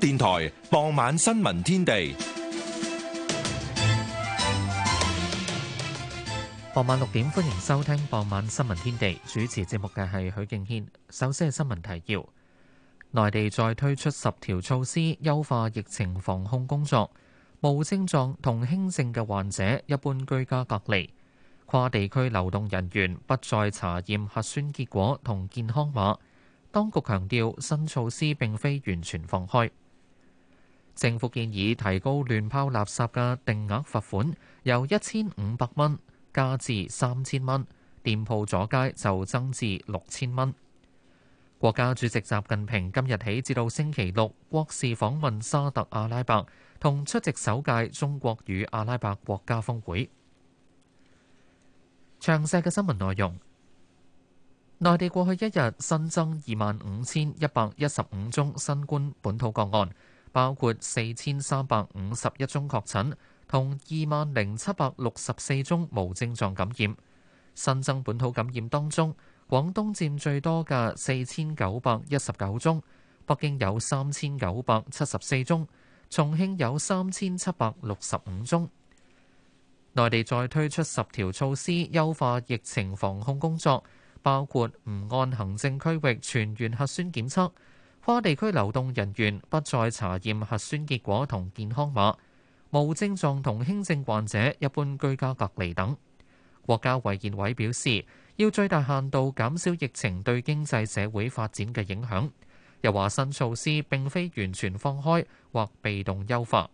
電台傍晚新聞天地，傍晚六點，歡迎收聽傍晚新聞天地。主持節目嘅係許敬軒。首先係新聞提要：內地再推出十條措施，優化疫情防控工作。無症狀同輕症嘅患者一般居家隔離。跨地區流動人員不再查驗核酸結果同健康碼。當局強調，新措施並非完全放開。政府建議提高亂拋垃圾嘅定額罰款，由一千五百蚊加至三千蚊；店鋪阻街就增至六千蚊。國家主席習近平今日起至到星期六國事訪問沙特阿拉伯，同出席首屆中國與阿拉伯國家峰會。詳細嘅新聞內容：內地過去一日新增二萬五千一百一十五宗新冠本土個案。包括四千三百五十一宗確診，同二萬零七百六十四宗無症狀感染。新增本土感染當中，廣東佔最多嘅四千九百一十九宗，北京有三千九百七十四宗，重慶有三千七百六十五宗。內地再推出十條措施，優化疫情防控工作，包括唔按行政區域全員核酸檢測。跨地區流動人員不再查驗核酸結果同健康碼，無症狀同輕症患者一般居家隔離等。國家衛健委表示，要最大限度減少疫情對經濟社會發展嘅影響。又話新措施並非完全放開或被動優化。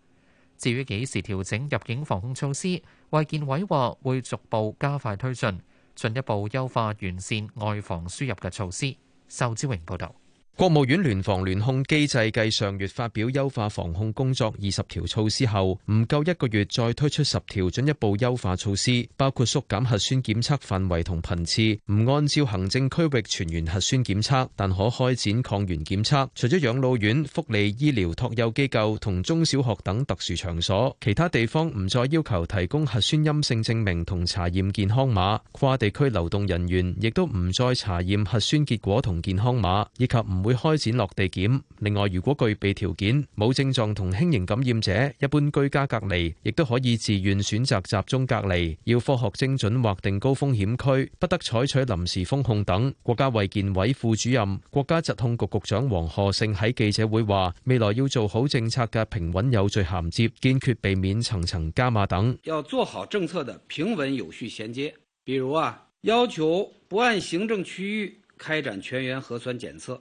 至於幾時調整入境防控措施，衛健委話會逐步加快推進，進一步優化完善外防輸入嘅措施。仇志榮報道。國務院聯防聯控機制繼上月發表優化防控工作二十條措施後，唔夠一個月再推出十條進一步優化措施，包括縮減核酸檢測範圍同頻次，唔按照行政區域全員核酸檢測，但可開展抗原檢測。除咗養老院、福利醫療托幼機構同中小學等特殊場所，其他地方唔再要求提供核酸陰性證明同查驗健康碼。跨地區流動人員亦都唔再查驗核酸結果同健康碼，以及唔會。會開展落地檢。另外，如果具備條件，冇症狀同輕型感染者，一般居家隔離，亦都可以自願選擇集中隔離。要科學精準劃定高風險區，不得採取臨時封控等。國家衛健委副主任、國家疾控局局長王賀勝喺記者會話：未來要做好政策嘅平穩有序銜接，堅決避免層層加碼等。要做好政策嘅平穩有序銜接，比如啊，要求不按行政區域開展全員核酸檢測。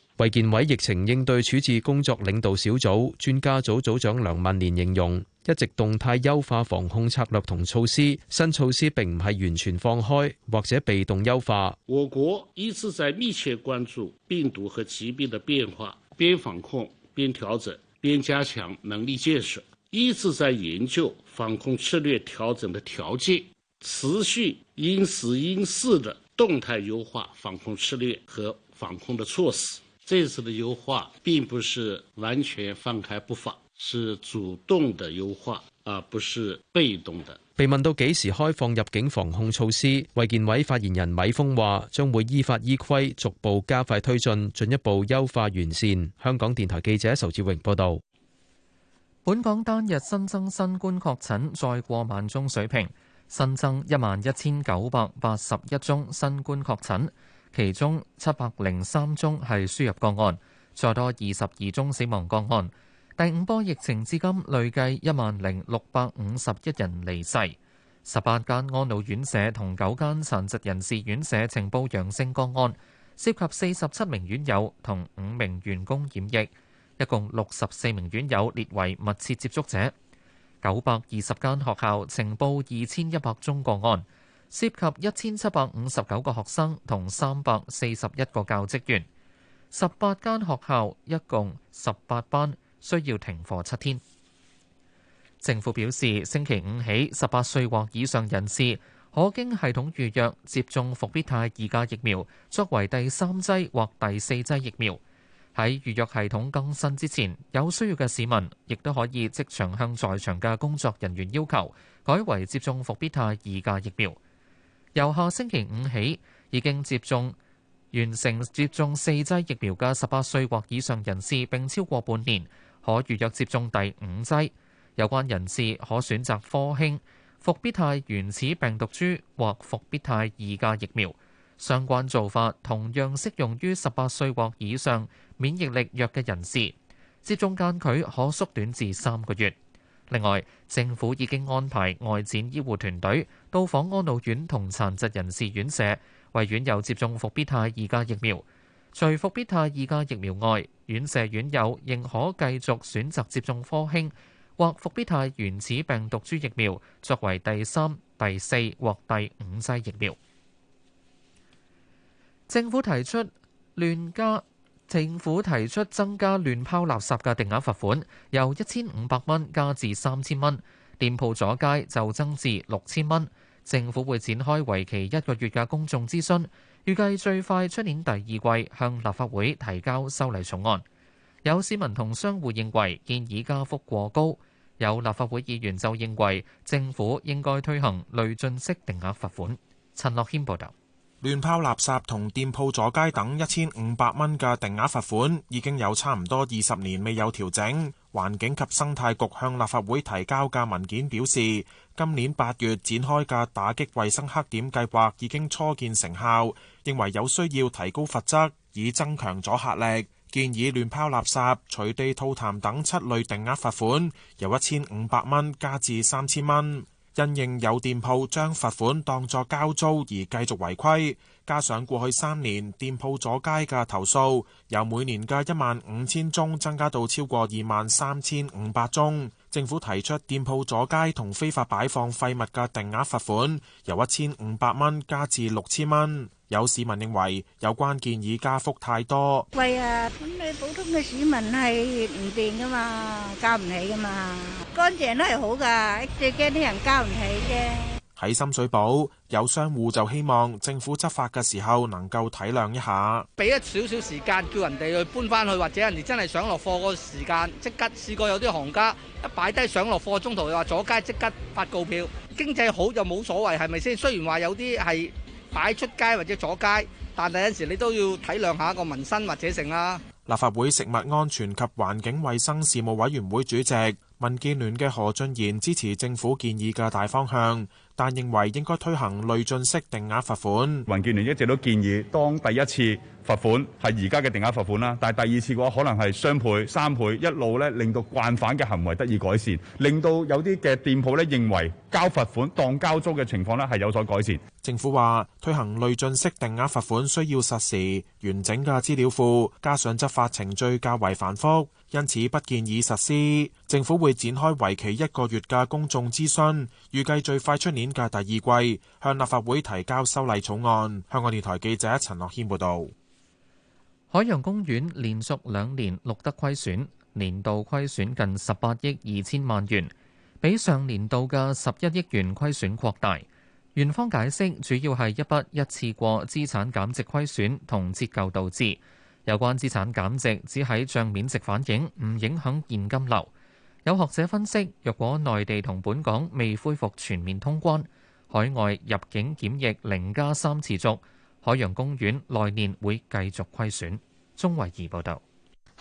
衛健委疫情應對處置工作領導小組專家組組長梁萬年形容，一直動態優化防控策略同措施，新措施並唔係完全放開或者被動優化。我國一直在密切關注病毒和疾病的變化，邊防控邊調整，邊加強能力建設，一直在研究防控策略調整的條件，持續因時因勢的動態優化防控策略和防控的措施。這次的優化並不是完全放開不防，是主動的優化，而不是被動的。被問到幾時開放入境防控措施，衛健委發言人米鋒話：將會依法依規逐步加快推進，進一步優化完善。香港電台記者仇志榮報道。本港單日新增新冠確診再過萬宗水平，新增一萬一千九百八十一宗新冠確診。其中七百零三宗係輸入個案，再多二十二宗死亡個案。第五波疫情至今累計一萬零六百五十一人離世。十八間安老院舍同九間殘疾人士院舍呈報陽性個案，涉及四十七名院友同五名員工染疫，一共六十四名院友列為密切接觸者。九百二十間學校呈報二千一百宗個案。涉及一千七百五十九個學生同三百四十一個教職員，十八間學校一共十八班需要停課七天。政府表示，星期五起，十八歲或以上人士可經系統預約接種伏必泰二價疫苗作為第三劑或第四劑疫苗。喺預約系統更新之前，有需要嘅市民亦都可以即場向在場嘅工作人員要求改為接種伏必泰二價疫苗。由下星期五起，已經接種完成接種四劑疫苗嘅十八歲或以上人士，並超過半年，可預約接種第五劑，有關人士可選擇科興、復必泰原始病毒株或復必泰二價疫苗。相關做法同樣適用於十八歲或以上免疫力弱嘅人士。接種間距可縮短至三個月。另外，政府已經安排外展醫護團隊到訪安老院同殘疾人士院舍，為院友接種復必泰二價疫苗。除復必泰二價疫苗外，院舍院友仍可繼續選擇接種科興或復必泰原始病毒株疫苗作為第三、第四或第五劑疫苗。政府提出亂加。亂政府提出增加亂拋垃圾嘅定額罰款，由一千五百蚊加至三千蚊，店鋪阻街就增至六千蚊。政府會展開為期一個月嘅公眾諮詢，預計最快出年第二季向立法會提交修例草案。有市民同商戶認為建議加幅過高，有立法會議員就認為政府應該推行累進式定額罰款。陳樂謙報道。亂拋垃圾同店鋪阻街等一千五百蚊嘅定額罰款已經有差唔多二十年未有調整。環境及生態局向立法會提交嘅文件表示，今年八月展開嘅打擊衛生黑點計劃已經初見成效，認為有需要提高罰則以增強阻嚇力，建議亂拋垃圾、隨地吐痰等七類定額罰款由一千五百蚊加至三千蚊。3, 因應有店鋪將罰款當作交租而繼續違規，加上過去三年店鋪阻街嘅投訴，由每年嘅一萬五千宗增加到超過二萬三千五百宗。政府提出店鋪阻街同非法擺放廢物嘅定額罰款，由一千五百蚊加至六千蚊。有市民認為有關建議加幅太多。貴啊，咁你普通嘅市民係唔掂噶嘛，交唔起噶嘛。乾淨都係好噶，最驚啲人交唔起啫。喺深水埗有商戶就希望政府執法嘅時候能夠體諒一下，俾一少少時間叫人哋去搬翻去，或者人哋真係想落貨個時間即刻。試過有啲行家一擺低上落貨中途又話阻街即刻發告票。經濟好就冇所謂，係咪先？雖然話有啲係擺出街或者阻街，但係有陣時你都要體諒下個民生或者剩啦。立法會食物安全及環境衛生事務委員會主席民建聯嘅何俊賢支持政府建議嘅大方向。但認為應該推行累進式定額罰款。民建聯一直都建議，當第一次罰款係而家嘅定額罰款啦，但係第二次嘅話可能係雙倍、三倍一路咧，令到慣犯嘅行為得以改善，令到有啲嘅店鋪咧認為交罰款當交租嘅情況咧係有所改善。政府話推行累進式定額罰款需要實時完整嘅資料庫，加上執法程序較為繁複，因此不建議實施。政府會展開為期一個月嘅公眾諮詢，預計最快出年嘅第二季向立法會提交修例草案。香港電台記者陳樂軒報導。海洋公園連續兩年錄得虧損，年度虧損近十八億二千萬元，比上年度嘅十一億元虧損擴大。園方解釋，主要係一筆一次過資產減值虧損同折舊導致。有關資產減值只喺帳面值反映，唔影響現金流。有學者分析，若果內地同本港未恢復全面通關，海外入境檢疫零加三持續。海洋公園來年會繼續虧損。鍾慧儀報導。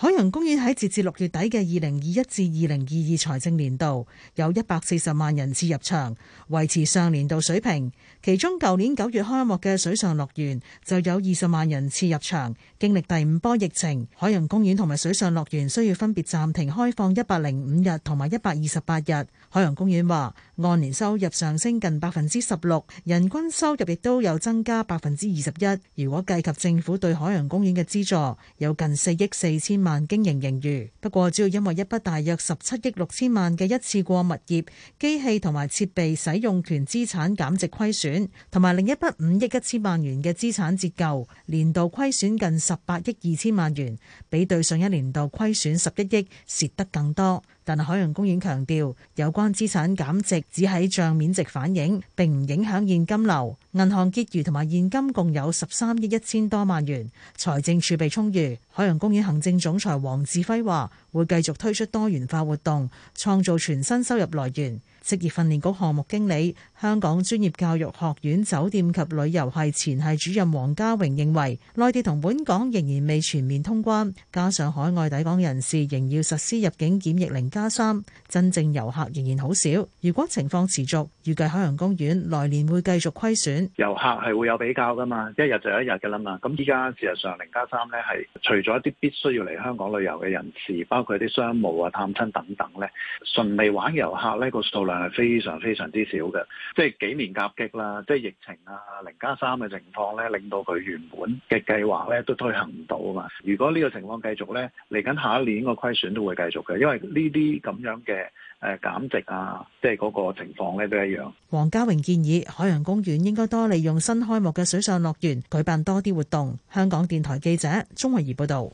海洋公園喺截至六月底嘅二零二一至二零二二財政年度，有一百四十萬人次入場，維持上年度水平。其中，舊年九月開幕嘅水上樂園就有二十萬人次入場。經歷第五波疫情，海洋公園同埋水上樂園需要分別暫停開放一百零五日同埋一百二十八日。海洋公園話，按年收入上升近百分之十六，人均收入亦都有增加百分之二十一。如果計及政府對海洋公園嘅資助，有近四億四千萬經營盈餘，不過主要因為一筆大約十七億六千萬嘅一次過物業、機器同埋設備使用權資產減值虧損，同埋另一筆五億一千萬元嘅資產折舊，年度虧損近十八億二千萬元，比對上一年度虧損十一億蝕得更多。但海洋公園強調，有關資產減值只喺賬面值反映，並唔影響現金流。銀行結餘同埋現金共有十三億一千多萬元，財政儲備充裕。海洋公園行政總裁黃志輝話：會繼續推出多元化活動，創造全新收入來源。職業訓練局項目經理、香港專業教育學院酒店及旅遊系前系主任黃家榮認為，內地同本港仍然未全面通關，加上海外抵港人士仍要實施入境檢疫零加三，3，真正遊客仍然好少。如果情況持續，預計海洋公園來年會繼續虧損。遊客係會有比較噶嘛，一日就一日嘅啦嘛。咁依家事實上零加三呢係除咗一啲必須要嚟香港旅遊嘅人士，包括啲商務啊、探親等等呢，順利玩遊客呢個數係非常非常之少嘅，即係幾年夾擊啦，即係疫情啊，零加三嘅情況咧，令到佢原本嘅計劃咧都推行唔到啊嘛。如果呢個情況繼續咧，嚟緊下一年個虧損都會繼續嘅，因為呢啲咁樣嘅誒減值啊，即係嗰個情況咧都一樣，黃家榮建議海洋公園應該多利用新開幕嘅水上樂園舉辦多啲活動，香港電台記者鍾慧儀報道。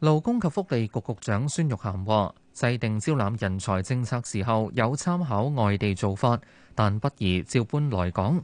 勞工及福利局局長孫玉菡話。制定招攬人才政策時候有參考外地做法，但不宜照搬來港。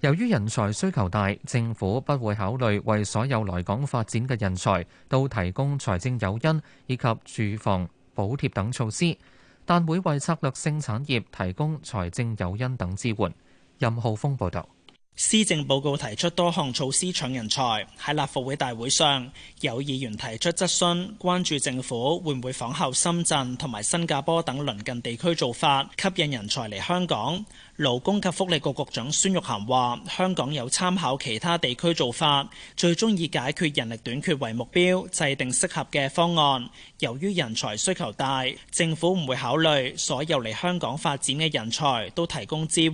由於人才需求大，政府不會考慮為所有來港發展嘅人才都提供財政誘因以及住房補貼等措施，但會為策略性產業提供財政誘因等支援。任浩峰報道。施政報告提出多項措施搶人才。喺立法會大會上，有議員提出質詢，關注政府會唔會仿效深圳同埋新加坡等鄰近地區做法，吸引人才嚟香港。勞工及福利局局長孫玉菡話：香港有參考其他地區做法，最終以解決人力短缺為目標，制定適合嘅方案。由於人才需求大，政府唔會考慮所有嚟香港發展嘅人才都提供支援。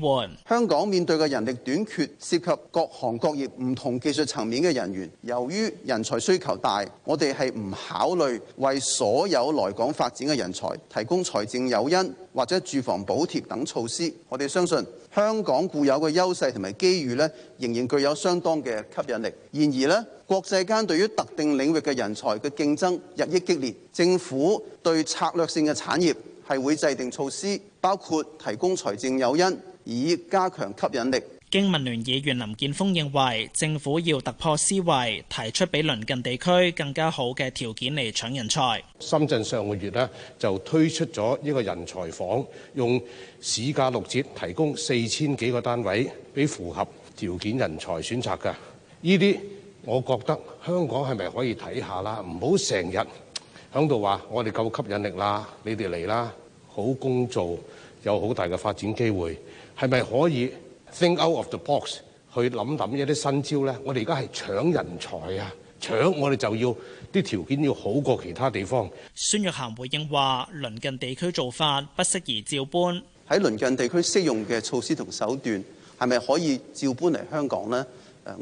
香港面對嘅人力短缺涉及各行各業唔同技術層面嘅人員。由於人才需求大，我哋係唔考慮為所有來港發展嘅人才提供財政誘因，或者住房補貼等措施，我哋相信香港固有嘅優勢同埋機遇咧，仍然具有相當嘅吸引力。然而咧，國際間對於特定領域嘅人才嘅競爭日益激烈，政府對策略性嘅產業係會制定措施，包括提供財政誘因，以加強吸引力。經民聯議員林健鋒認為，政府要突破思維，提出比鄰近地區更加好嘅條件嚟搶人才。深圳上個月咧就推出咗呢個人才房，用市價六折提供四千幾個單位俾符合條件人才選擇。噶呢啲，我覺得香港係咪可以睇下啦？唔好成日響度話我哋夠吸引力啦，你哋嚟啦，好工做，有好大嘅發展機會，係咪可以？Think out of the box 去諗諗一啲新招咧。我哋而家係搶人才啊，搶我哋就要啲條件要好過其他地方。孫玉菡回應話：鄰近地區做法不適宜照搬，喺鄰近地區適用嘅措施同手段係咪可以照搬嚟香港咧？誒，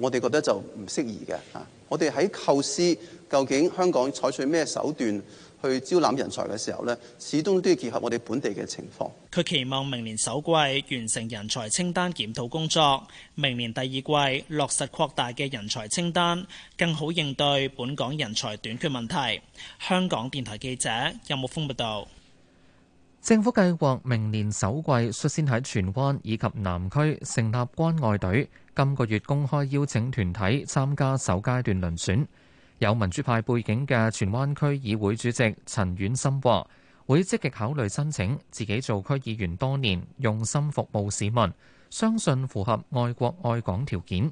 我哋覺得就唔適宜嘅啊！我哋喺構思究竟香港採取咩手段。去招攬人才嘅時候咧，始終都要結合我哋本地嘅情況。佢期望明年首季完成人才清單檢討工作，明年第二季落實擴大嘅人才清單，更好應對本港人才短缺問題。香港電台記者任木峯報道。政府計劃明年首季率先喺荃灣以及南區成立關愛隊，今個月公開邀請團體參加首階段遴選。有民主派背景嘅荃灣區議會主席陳婉心話，會積極考慮申請，自己做區議員多年，用心服務市民，相信符合愛國愛港條件。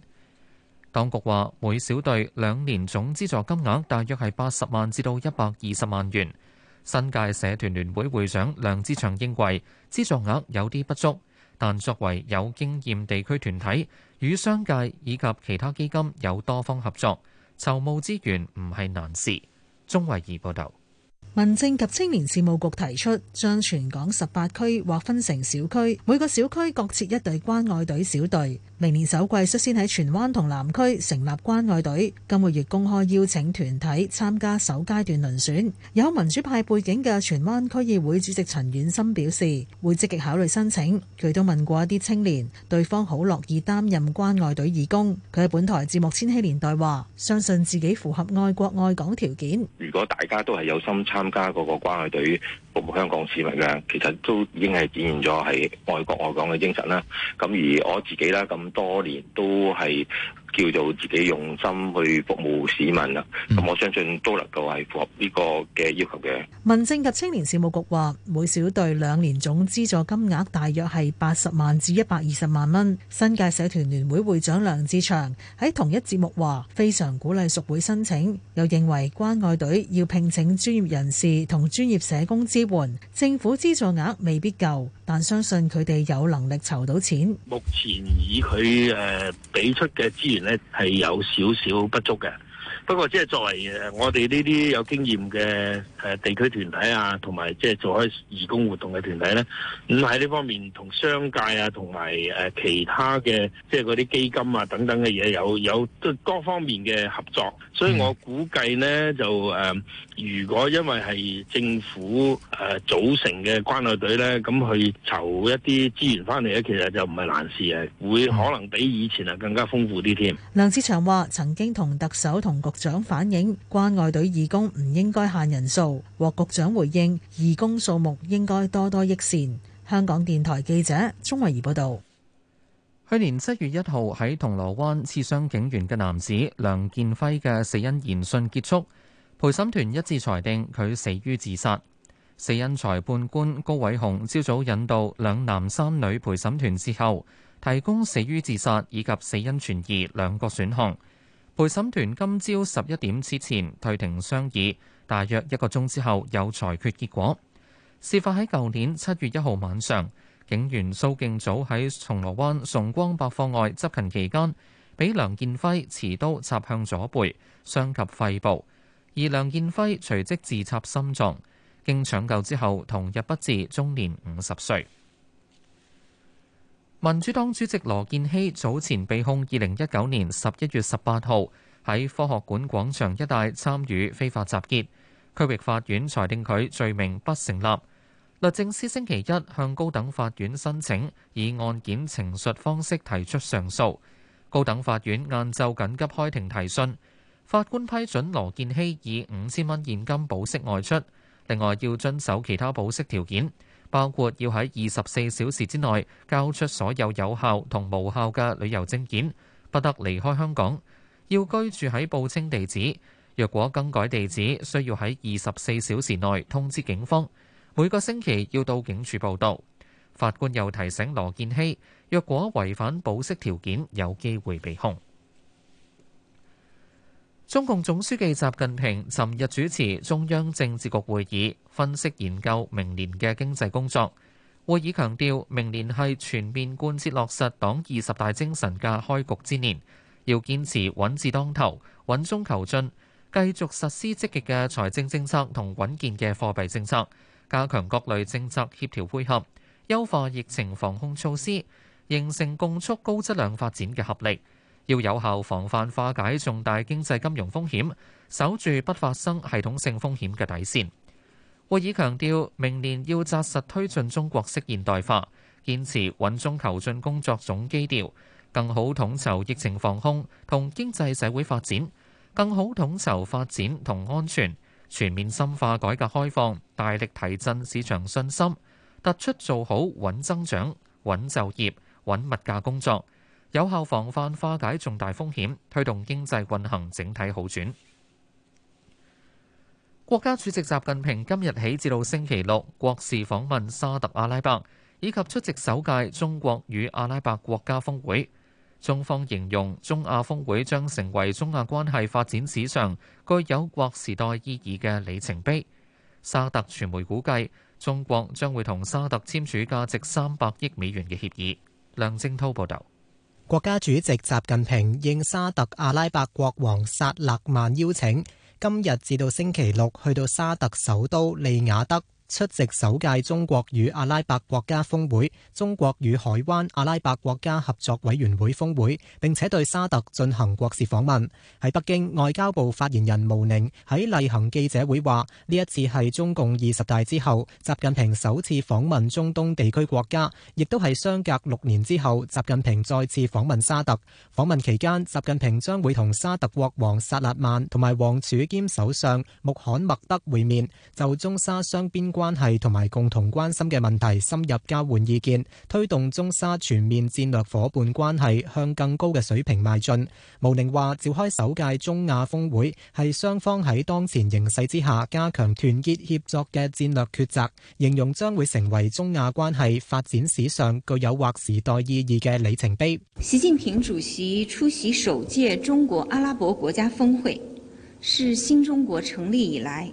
當局話，每小隊兩年總資助金額大約係八十萬至到一百二十萬元。新界社團聯會會長梁志祥認為，資助額有啲不足，但作為有經驗地區團體，與商界以及其他基金有多方合作。籌募資源唔係難事。鍾慧儀報道，民政及青年事務局提出，將全港十八區劃分成小區，每個小區各設一隊關愛隊小隊。明年首季率先喺荃灣同南區成立關愛隊，今個月公開邀請團體參加首階段遴選。有民主派背景嘅荃灣區議會主席陳婉心表示，會積極考慮申請。佢都問過一啲青年，對方好樂意擔任關愛隊義工。佢喺本台節目《千禧年代》話：相信自己符合愛國愛港條件。如果大家都係有心參加嗰個關愛隊，香港市民嘅，其實都已經係展現咗係愛國愛港嘅精神啦。咁而我自己啦，咁多年都係。叫做自己用心去服務市民啦，咁我相信都能夠係符合呢個嘅要求嘅。民政及青年事務局話，每小隊兩年總資助金額大約係八十萬至一百二十萬蚊。新界社團聯會會長梁志祥喺同一節目話，非常鼓勵屬會申請，又認為關愛隊要聘請專業人士同專業社工支援，政府資助額未必夠，但相信佢哋有能力籌到錢。目前以佢誒俾出嘅資源。係有少少不足嘅。不過，即係作為我哋呢啲有經驗嘅誒地區團體啊，同埋即係做開義工活動嘅團體咧，咁喺呢方面同商界啊，同埋誒其他嘅即係嗰啲基金啊等等嘅嘢有有多方面嘅合作，所以我估計咧就誒，如果因為係政府誒組成嘅關愛隊咧，咁去籌一啲資源翻嚟咧，其實就唔係難事啊，會可能比以前啊更加豐富啲添。梁志祥話：曾經同特首同局。局長反映關愛隊義工唔應該限人數，獲局長回應：義工數目應該多多益善。香港電台記者鍾慧儀報道，去年七月一號喺銅鑼灣刺傷警員嘅男子梁健輝嘅死因言訊結束，陪審團一致裁定佢死於自殺。死因裁判官高偉雄朝早引導兩男三女陪審團之後，提供死於自殺以及死因存疑兩個選項。陪審團今朝十一點之前退庭商議，大約一個鐘之後有裁決結果。事發喺舊年七月一號晚上，警員蘇敬祖喺松羅灣崇光百貨外執勤期間，俾梁健輝持刀插向左背，傷及肺部，而梁健輝隨即自插心臟，經搶救之後同日不治，終年五十歲。民主黨主席羅健熙早前被控二零一九年十一月十八號喺科學館廣場一帶參與非法集結，區域法院裁定佢罪名不成立。律政司星期一向高等法院申請以案件呈述方式提出上訴。高等法院晏晝緊急開庭提訊，法官批准羅健熙以五千蚊現金保釋外出，另外要遵守其他保釋條件。包括要喺二十四小時之內交出所有有效同無效嘅旅遊證件，不得離開香港，要居住喺報稱地址。若果更改地址，需要喺二十四小時內通知警方。每個星期要到警署報到。法官又提醒羅建熙，若果違反保釋條件，有機會被控。中共總書記習近平尋日主持中央政治局會議，分析研究明年嘅經濟工作。會議強調，明年係全面貫徹落實黨二十大精神嘅開局之年，要堅持穩字當頭、穩中求進，繼續實施積極嘅財政政策同穩健嘅貨幣政策，加強各類政策協調配合，優化疫情防控措施，形成共促高質量發展嘅合力。要有效防範化解重大經濟金融風險，守住不發生系統性風險嘅底綫。會議強調，明年要扎實推進中國式現代化，堅持穩中求進工作總基調，更好統籌疫情防控同經濟社會發展，更好統籌發展同安全，全面深化改革開放，大力提振市場信心，突出做好穩增長穩就業穩物價工作。有效防範化解重大風險，推動經濟運行整體好轉。國家主席習近平今日起至到星期六國事訪問沙特阿拉伯，以及出席首屆中國與阿拉伯國家峰會。中方形容中亞峰會將成為中亞關係發展史上具有劃時代意義嘅里程碑。沙特傳媒估計，中國將會同沙特簽署價值三百億美元嘅協議，梁正濤報道。國家主席習近平應沙特阿拉伯國王薩勒曼邀請，今日至到星期六去到沙特首都利雅得。出席首屆中國與阿拉伯國家峰會、中國與海灣阿拉伯國家合作委員會峰會，並且對沙特進行國事訪問。喺北京，外交部發言人毛寧喺例行記者會話：呢一次係中共二十大之後，習近平首次訪問中東地區國家，亦都係相隔六年之後，習近平再次訪問沙特。訪問期間，習近平將會同沙特國王薩勒曼同埋王儲兼首相穆罕默德會面，就中沙雙邊，關係同埋共同關心嘅問題，深入交換意見，推動中沙全面戰略伙伴關係向更高嘅水平邁進。毛寧話：召開首屆中亞峰會，係雙方喺當前形勢之下加強團結協作嘅戰略抉擇，形容將會成爲中亞關係發展史上具有劃時代意義嘅里程碑。習近平主席出席首屆中國阿拉伯國家峰會，是新中國成立以來。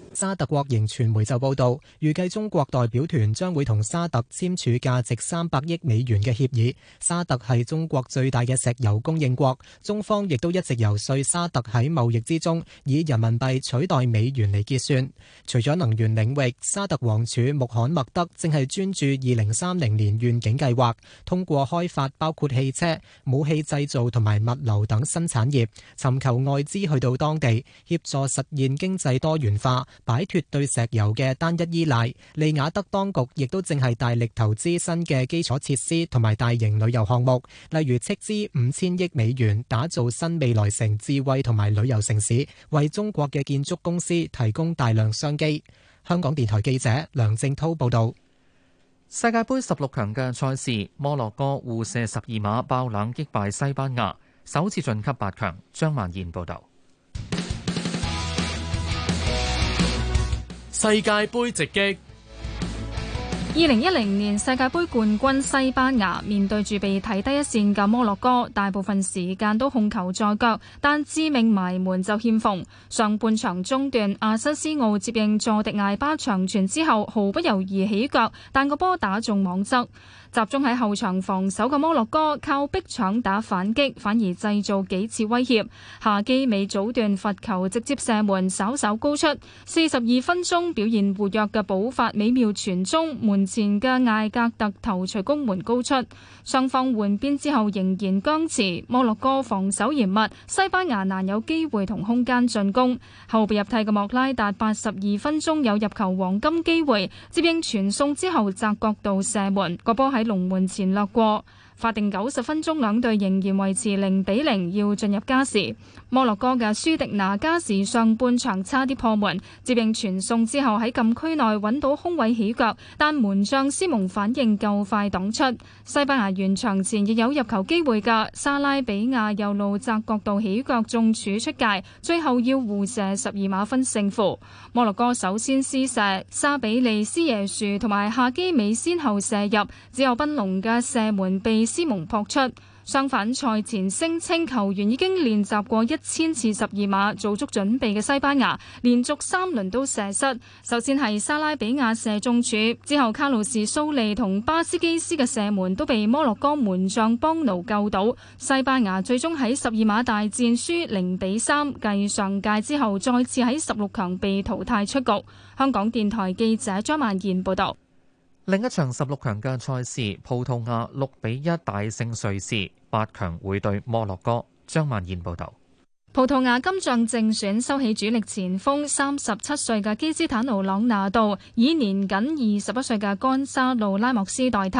沙特國營傳媒就報道，預計中國代表團將會同沙特簽署價值三百億美元嘅協議。沙特係中國最大嘅石油供應國，中方亦都一直游說沙特喺貿易之中以人民幣取代美元嚟結算。除咗能源領域，沙特王儲穆罕默德正係專注二零三零年願景計劃，通過開發包括汽車、武器製造同埋物流等新產業，尋求外資去到當地協助實現經濟多元化。擺脫對石油嘅單一依賴，利雅得當局亦都正係大力投資新嘅基礎設施同埋大型旅遊項目，例如斥資五千億美元打造新未來城智慧同埋旅遊城市，為中國嘅建築公司提供大量商機。香港電台記者梁正濤報道。世界盃十六強嘅賽事，摩洛哥互射十二碼爆冷擊敗西班牙，首次晉級八強。張曼燕報道。世界盃直擊，二零一零年世界盃冠軍西班牙面對住被睇低一綫嘅摩洛哥，大部分時間都控球在腳，但致命埋門就欠奉。上半場中段，阿西斯奧接應佐迪艾巴長傳之後，毫不猶豫起腳，但個波打中網側。集中喺後場防守嘅摩洛哥靠逼搶打反擊，反而製造幾次威脅。夏基美早段罰球直接射門，稍稍高出。四十二分鐘表現活躍嘅補發美妙傳中，門前嘅艾格特頭槌攻門高出。雙方換邊之後仍然僵持，摩洛哥防守嚴密，西班牙難有機會同空間進攻。後備入替嘅莫拉達八十二分鐘有入球黃金機會，接應傳送之後窄角度射門，個波係喺龍門前掠過。 法定九十分鐘，兩隊仍然維持零比零，要進入加時。摩洛哥嘅舒迪拿加時上半場差啲破門，接應傳送之後喺禁區內揾到空位起腳，但門將斯蒙反應夠快擋出。西班牙完場前亦有入球機會，噶沙拉比亞右路窄角度起腳中柱出界。最後要互射十二碼分勝負。摩洛哥首先施射，沙比利斯耶樹同埋夏基美先後射入，只有賓隆嘅射門被。斯蒙撲出，相反賽前聲稱球員已經練習過一千次十二碼，做足準備嘅西班牙，連續三輪都射失。首先係莎拉比亞射中柱，之後卡路士、蘇利同巴斯基斯嘅射門都被摩洛哥門將邦奴救到。西班牙最終喺十二碼大戰輸零比三，繼上屆之後再次喺十六強被淘汰出局。香港電台記者張曼燕報道。另一場十六強嘅賽事，葡萄牙六比一大勝瑞士，八強會對摩洛哥。張曼燕報道。葡萄牙金像正選收起主力前鋒三十七歲嘅基斯坦奴朗拿度，以年僅二十一歲嘅甘沙路拉莫斯代替。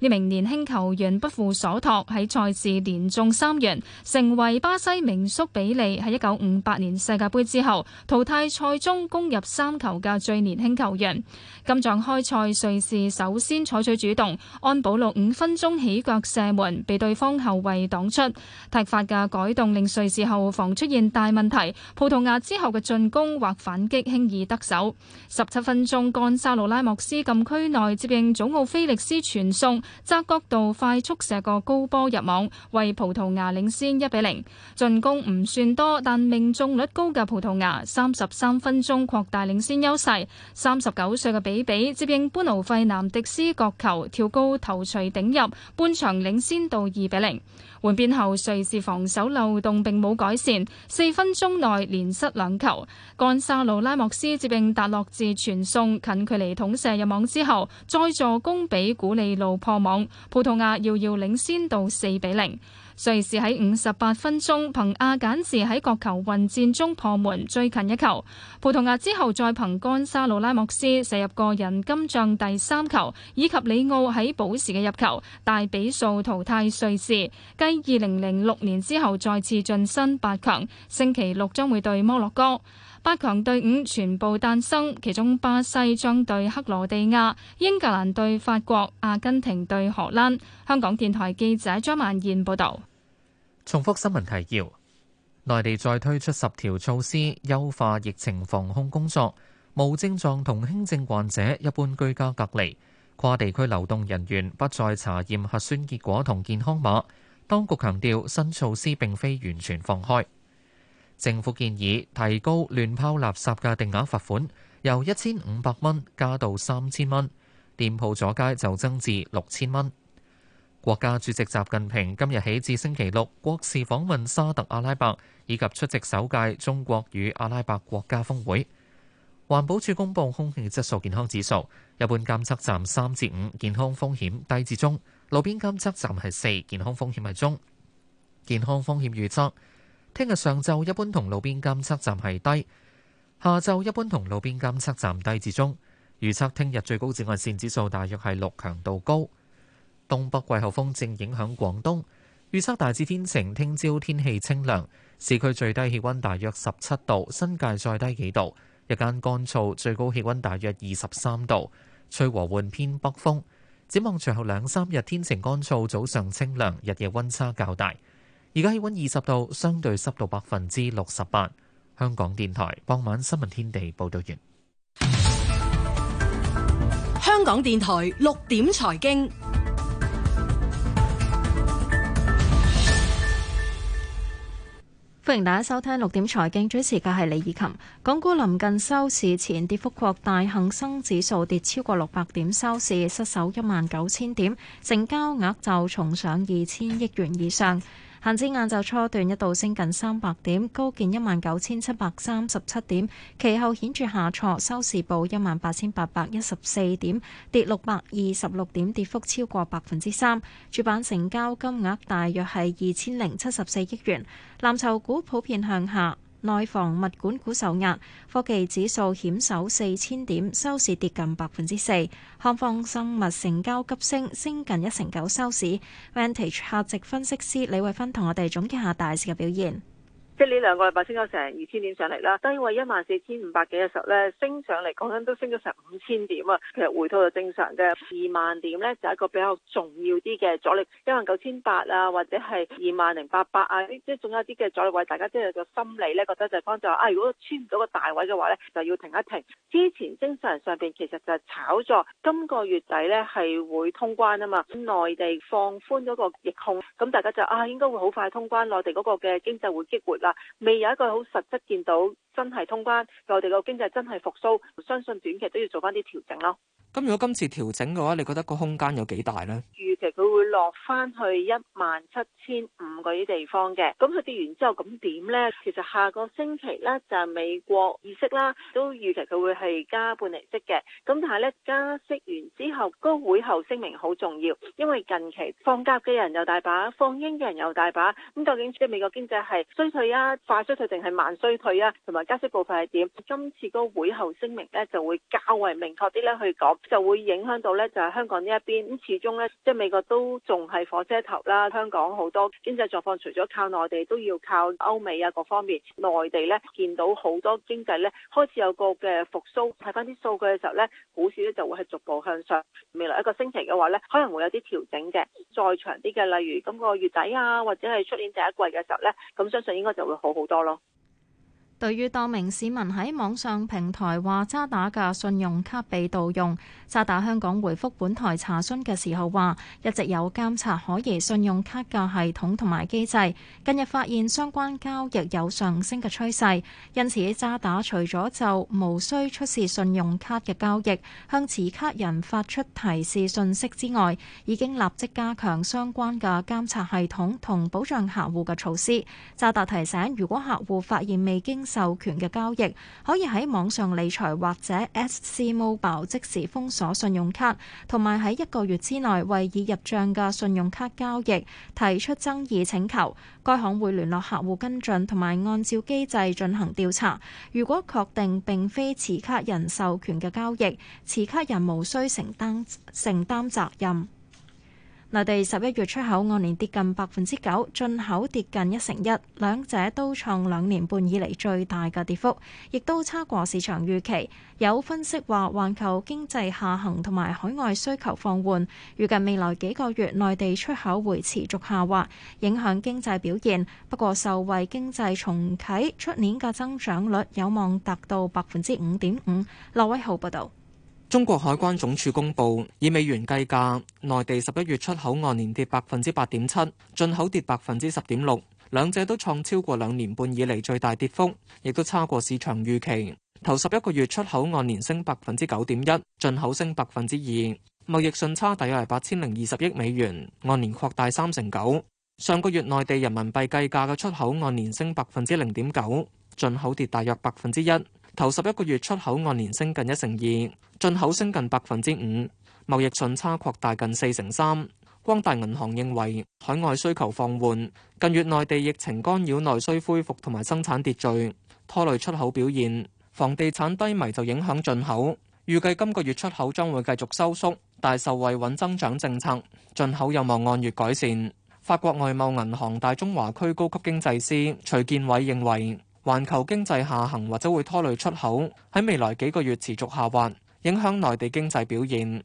呢名年輕球員不負所託，喺賽事連中三元，成為巴西名宿比利喺一九五八年世界杯之後淘汰賽中攻入三球嘅最年輕球員。金像開賽，瑞士首先採取主動，安保路五分鐘起腳射門被對方後衛擋出，踢法嘅改動令瑞士後防。出現大問題，葡萄牙之後嘅進攻或反擊輕易得手。十七分鐘，幹沙羅拉莫斯禁區內接應祖奧菲力斯傳送，側角度快速射個高波入網，為葡萄牙領先一比零。進攻唔算多，但命中率高嘅葡萄牙三十三分鐘擴大領先優勢。三十九歲嘅比比接應班奴費南迪斯角球跳高頭槌頂入，半場領先到二比零。換邊後，瑞士防守漏洞並冇改善，四分鐘內連失兩球。干沙路拉莫斯接應達洛治傳送近距離捅射入網之後，再助攻比古利路破網，葡萄牙遙遙領先到四比零。瑞士喺五十八分鐘憑亞簡士喺角球混戰中破門，最近一球。葡萄牙之後再憑干沙路拉莫斯射入個人金像第三球，以及里奧喺補時嘅入球，大比數淘汰瑞士，繼二零零六年之後再次晉身八強。星期六將會對摩洛哥。八強隊伍全部誕生，其中巴西將對克羅地亞、英格蘭對法國、阿根廷對荷蘭。香港電台記者張萬燕報導。重複新聞提要：內地再推出十條措施，優化疫情防控工作。無症狀同輕症患者一般居家隔離。跨地區流動人員不再查驗核酸結果同健康碼。當局強調，新措施並非完全放開。政府建議提高亂拋垃圾嘅定額罰款，由一千五百蚊加到三千蚊。店鋪阻街就增至六千蚊。國家主席習近平今日起至星期六國事訪問沙特阿拉伯，以及出席首屆中國與阿拉伯國家峰會。環保署公布空氣質素健康指數，一般監測站三至五，健康風險低至中；路邊監測站係四，健康風險係中。健康風險預測。聽日上晝一般同路邊監測站係低，下晝一般同路邊監測站低至中。預測聽日最高紫外線指數大約係六，強度高。東北季候風正影響廣東，預測大致天晴，聽朝天氣清涼，市區最低氣温大約十七度，新界再低幾度，日間乾燥，最高氣温大約二十三度，吹和緩偏北風。展望隨後兩三日天晴乾燥，早上清涼，日夜温差較大。而家氣溫二十度，相對濕度百分之六十八。香港電台傍晚新聞天地報道完。香港電台六點財經，歡迎大家收聽六點財經。主持嘅係李以琴。港股臨近收市前跌幅擴大，恒生指數跌超過六百點，收市失守一萬九千點，成交額就重上二千億元以上。恒指晏晝初段一度升近三百點，高見一萬九千七百三十七點，其後顯著下挫，收市報一萬八千八百一十四點，跌六百二十六點，跌幅超過百分之三。主板成交金額大約係二千零七十四億元，藍籌股普遍向下。內房物管股受壓，科技指數險守四千點，收市跌近百分之四。康方生物成交急升，升近一成九收市。Vantage 客席分析師李慧芬同我哋總結下大市嘅表現。即係呢兩個禮拜升咗成二千點上嚟啦，低位一萬四千五百幾嘅時候咧，升上嚟講緊都升咗成五千點啊，其實回吐就正常嘅。二萬點咧就係一個比較重要啲嘅阻力，一萬九千八啊，或者係二萬零八百啊，即係仲有一啲嘅阻力位，大家即係個心理咧覺得就係幫助啊。如果穿唔到個大位嘅話咧，就要停一停。之前精神上邊其實就係炒作，今個月底咧係會通關啊嘛，內地放寬咗個疫控，咁大家就啊應該會好快通關，內地嗰個嘅經濟會激活。未有一個好實質見到。真係通關，我哋個經濟真係復甦，相信短期都要做翻啲調整咯。咁如果今次調整嘅話，你覺得個空間有幾大呢？預期佢會落翻去一萬七千五嗰啲地方嘅。咁佢跌完之後咁點呢？其實下個星期咧就係美國議息啦，都預期佢會係加半釐息嘅。咁但係咧加息完之後，嗰、嗰個、會後聲明好重要，因為近期放鴿嘅人又大把，放鷹嘅人又大把。咁究竟即係美國經濟係衰退啊，快衰退定係慢衰退啊？同埋加息部分係點？今次個會後聲明咧就會較為明確啲咧去講，就會影響到咧就係香港呢一邊。咁始終咧，即係美國都仲係火車頭啦。香港好多經濟狀況，除咗靠內地，都要靠歐美啊各方面。內地咧見到好多經濟咧開始有個嘅復甦，睇返啲數據嘅時候咧，股市咧就會係逐步向上。未來一個星期嘅話咧，可能會有啲調整嘅。再長啲嘅，例如今個月底啊，或者係出年第一季嘅時候咧，咁相信應該就會好好多咯。隨後多名市民喺網上平台話渣打嘅信用卡被盜用。渣打香港回覆本台查詢嘅時候話：一直有監察可疑信用卡嘅系統同埋機制，近日發現相關交易有上升嘅趨勢，因此渣打除咗就無需出示信用卡嘅交易向持卡人發出提示信息之外，已經立即加強相關嘅監察系統同保障客戶嘅措施。渣打提醒，如果客戶發現未經授權嘅交易，可以喺網上理財或者 SC Mobile 即時封鎖信用卡，同埋喺一個月之內為已入賬嘅信用卡交易提出爭議請求，該行會聯絡客戶跟進，同埋按照機制進行調查。如果確定並非持卡人授權嘅交易，持卡人無需承擔承擔責任。內地十一月出口按年跌近百分之九，進口跌近一成一，兩者都創兩年半以嚟最大嘅跌幅，亦都差過市場預期。有分析話，環球經濟下行同埋海外需求放緩，預計未來幾個月內地出口會持續下滑，影響經濟表現。不過受惠經濟重啟，出年嘅增長率有望達到百分之五點五。劉偉豪報道。中國海關總署公布，以美元計價，內地十一月出口按年跌百分之八點七，進口跌百分之十點六，兩者都創超過兩年半以嚟最大跌幅，亦都差過市場預期。頭十一個月出口按年升百分之九點一，進口升百分之二，貿易順差大約係八千零二十億美元，按年擴大三成九。上個月內地人民幣計價嘅出口按年升百分之零點九，進口跌大約百分之一。頭十一個月出口按年升近一成二。進口升近百分之五，貿易順差擴大近四成三。光大銀行認為海外需求放緩，近月內地疫情干擾內需恢復同埋生產秩序，拖累出口表現。房地產低迷就影響進口，預計今個月出口將會繼續收縮。但受惠穩增長政策，進口有望按月改善。法國外貿銀行大中華區高級經濟師徐建偉認為，環球經濟下行或者會拖累出口喺未來幾個月持續下滑。影響內地經濟表現。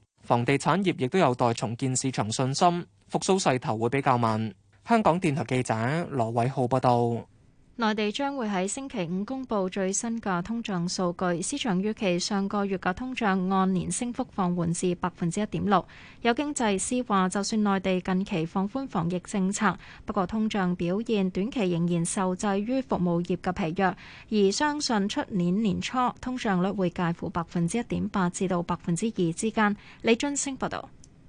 房地產業亦都有待重建市場信心，復甦勢頭會比較慢。香港電台記者羅偉浩報道。內地將會喺星期五公布最新嘅通脹數據，市場預期上個月嘅通脹按年升幅放緩至百分之一點六。有經濟師話，就算內地近期放寬防疫政策，不過通脹表現短期仍然受制於服務業嘅疲弱，而相信出年年初通脹率會介乎百分之一點八至到百分之二之間。李津升報道。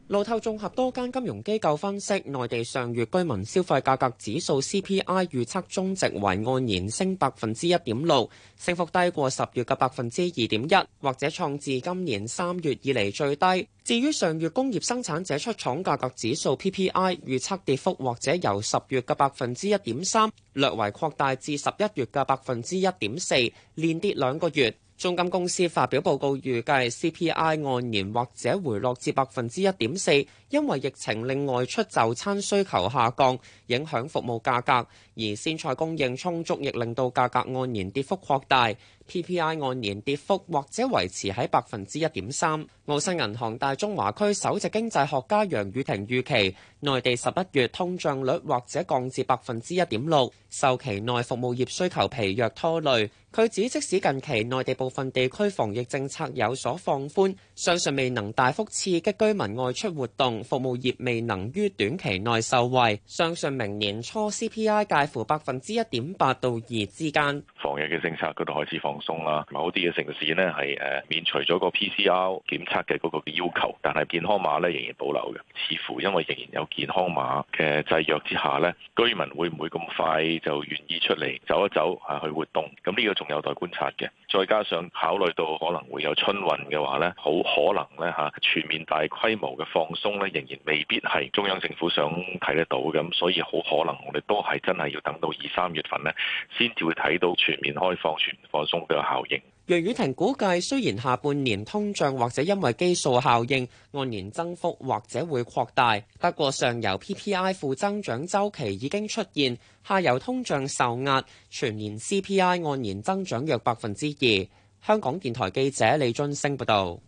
路透綜合多間金融機構分析，內地上月居民消費價格指數 CPI 預測中值為按年升百分之一點六，升幅低過十月嘅百分之二點一，或者創自今年三月以嚟最低。至於上月工業生產者出廠價格指數 PPI 預測跌幅，或者由十月嘅百分之一點三，略為擴大至十一月嘅百分之一點四，連跌兩個月。中金公司發表報告預計 CPI 按年或者回落至百分之一點四，因為疫情令外出就餐需求下降，影響服務價格。而鮮菜供應充足，亦令到價格按年跌幅擴大。PPI 按年跌幅或者維持喺百分之一點三。澳新銀行大中華區首席經濟學家楊宇霆預期，內地十一月通脹率或者降至百分之一點六，受期內服務業需求疲弱拖累。佢指，即使近期內地部分地區防疫政策有所放寬，相信未能大幅刺激居民外出活動，服務業未能於短期內受惠。相信明年初 CPI 介介乎百分之一點八到二之間。防疫嘅政策佢都開始放鬆啦，某啲嘅城市咧，係誒免除咗個 PCR 檢測嘅嗰個嘅要求，但係健康碼咧仍然保留嘅。似乎因為仍然有健康碼嘅制約之下咧，居民會唔會咁快就願意出嚟走一走啊去活動？咁呢個仲有待觀察嘅。再加上考慮到可能會有春運嘅話咧，好可能咧吓全面大規模嘅放鬆咧，仍然未必係中央政府想睇得到，咁所以好可能我哋都係真係。要等到二三月份呢先至會睇到全面開放、全放鬆嘅效應。楊雨婷估計，雖然下半年通脹或者因為基數效應，按年增幅或者會擴大。不過上游 PPI 負增長週期已經出現，下游通脹受壓，全年 CPI 按年增長約百分之二。香港電台記者李俊升報道。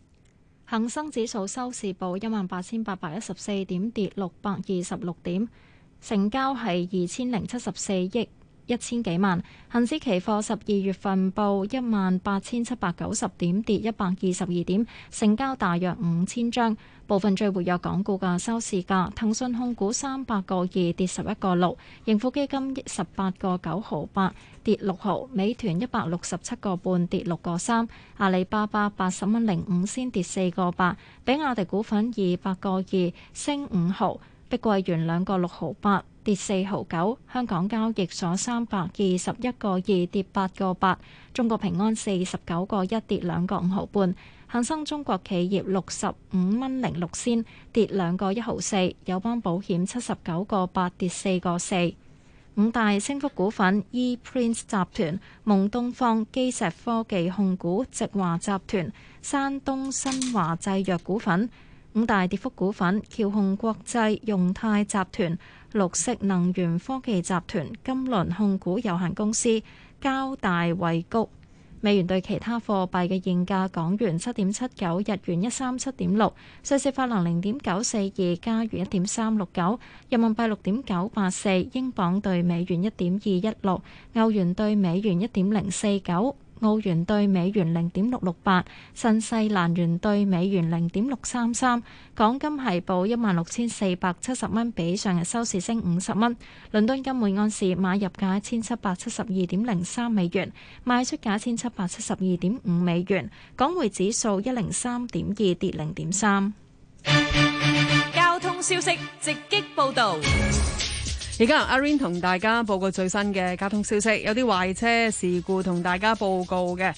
恒生指數收市報一萬八千八百一十四點，跌六百二十六點。成交係二千零七十四億一千幾萬。恒指期貨十二月份報一萬八千七百九十點，跌一百二十二點，成交大約五千張。部分最活躍港股嘅收市價：騰訊控股三百個二，跌十一個六，盈富基金十八個九毫八，跌六毫，美團一百六十七個半，跌六個三，阿里巴巴八十蚊零五先，跌四個八，比亞迪股份二百個二，升五毫。碧桂園兩個六毫八，68，跌四毫九。香港交易所三百二十一個二，跌八個八。中國平安四十九個一，跌兩個五毫半。恒生中國企業六十五蚊零六仙，跌兩個一毫四。友邦保險七十九個八，跌四個四。五大升幅股份：E Prince 集團、夢東方、基石科技控股、直華集團、山東新華製藥股份。五大跌幅股份：橋控國際、融泰集團、綠色能源科技集團、金輪控股有限公司、交大惠谷。美元對其他貨幣嘅現價：港元七點七九，日元一三七點六，瑞士法郎零點九四二，加元一點三六九，人民幣六點九八四，英鎊對美元一點二一六，歐元對美元一點零四九。澳元兌美元零點六六八，新西蘭元兌美元零點六三三，港金係報一萬六千四百七十蚊，比上日收市升五十蚊。倫敦金每安士買入價一千七百七十二點零三美元，賣出價一千七百七十二點五美元。港匯指數一零三點二跌零點三。交通消息直擊報道。而家阿阿 rain 同大家報告最新嘅交通消息，有啲壞車事故同大家報告嘅。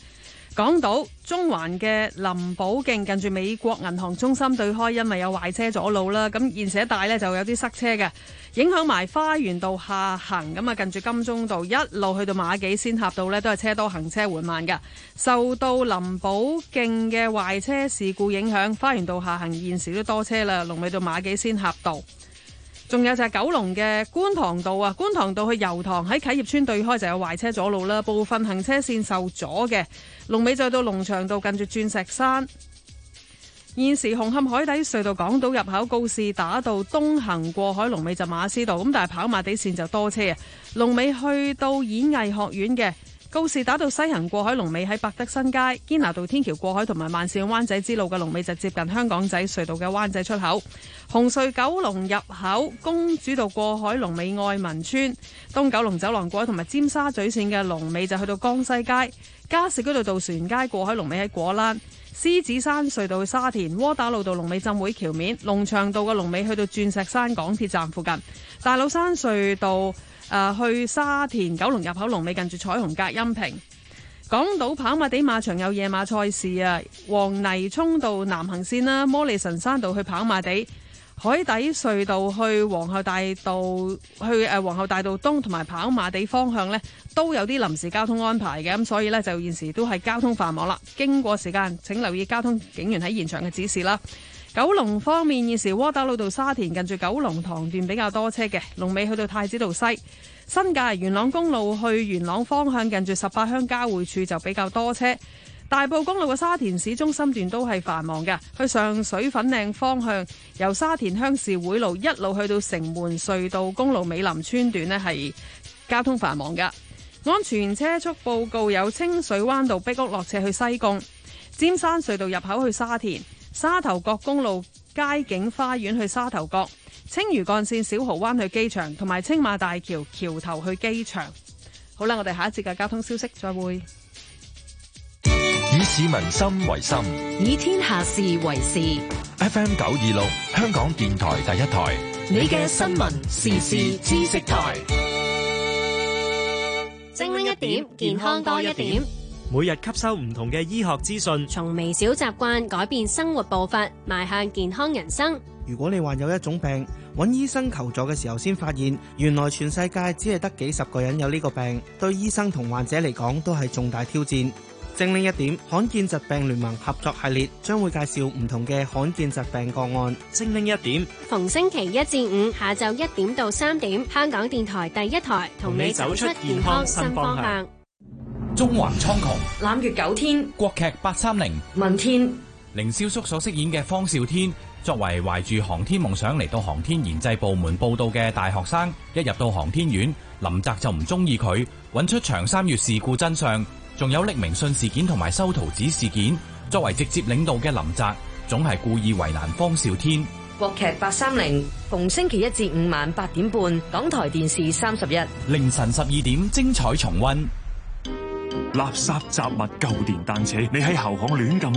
港島中環嘅林寶徑近住美國銀行中心對開，因為有壞車阻路啦，咁現時一帶咧就有啲塞車嘅，影響埋花園道下行。咁啊，近住金鐘道一路去到馬己仙峽道咧，都係車多行車緩慢㗎。受到林寶徑嘅壞車事故影響，花園道下行現時都多車啦，龍尾到馬己仙峽道。仲有就係九龍嘅觀塘道啊，觀塘道去油塘喺啟業邨對開就有壞車阻路啦，部分行車線受阻嘅。龍尾再到龍翔道近住鑽石山。現時紅磡海底隧道港島入口高士打道東行過海龍尾就馬師道，咁但係跑馬地線就多車啊。龍尾去到演藝學院嘅。告示打到西行過海龍尾喺百德新街堅拿道天橋過海，同埋慢線灣仔之路嘅龍尾就接近香港仔隧道嘅灣仔出口。紅隧九龍入口公主道過海龍尾愛民村，東九龍走廊過海，同埋尖沙咀線嘅龍尾就去到江西街、嘉士居道、渡船街過海龍尾喺果欄。獅子山隧道沙田窩打路道龍尾浸會橋面，龍翔道嘅龍尾去到鑽石山港鐵站附近。大老山隧道。誒、呃，去沙田九龍入口龍尾近住彩虹隔音屏，港島跑馬地馬場有夜馬賽事啊，黃泥涌道南行線啦，摩利臣山道去跑馬地，海底隧道去皇后大道去、誒、呃、皇后大道東同埋跑馬地方向呢都有啲臨時交通安排嘅，咁所以呢，就現時都係交通繁忙啦。經過時間，請留意交通警員喺現場嘅指示啦。九龍方面，現時窩打老道沙田近住九龍塘段比較多車嘅，龍尾去到太子道西；新界元朗公路去元朗方向近住十八鄉交匯處就比較多車。大埔公路嘅沙田市中心段都係繁忙嘅，去上水粉嶺方向由沙田鄉事會路一路去到城門隧道公路美林村段呢係交通繁忙嘅。安全車速報告有清水灣道碧屋落斜去西貢，尖山隧道入口去沙田。沙頭角公路佳景花園去沙頭角，青嶼幹線小蠔灣去機場，同埋青馬大橋橋頭去機場。好啦，我哋下一節嘅交通消息，再會。以市民心為心，以天下事為事。FM 九二六，香港電台第一台，你嘅新聞時事知識台，精明一點，健康多一點。每日吸收唔同嘅醫學資訊，從微小習慣改變生活步伐，邁向健康人生。如果你患有一種病，揾醫生求助嘅時候，先發現原來全世界只係得幾十個人有呢個病，對醫生同患者嚟講都係重大挑戰。精靈一點，罕見疾病聯盟合作系列將會介紹唔同嘅罕見疾病個案。精靈一點，逢星期一至五下晝一點到三點，香港電台第一台同你，你走出健康新方向。縱橫，蒼穹，攬月九天。國劇八三零問天，凌瀟肅所飾演嘅方少天，作為懷住航天夢想嚟到航天研製部門報道嘅大學生，一入到航天院，林澤就唔中意佢。揾出長三月事故真相，仲有匿名信事件同埋修圖紙事件，作為直接領導嘅林澤，總係故意為難方少天。國劇八三零，逢星期一至五晚八點半，港台電視三十一，凌晨十二點精彩重溫。垃圾雜物、舊電單車，你喺後巷亂撳。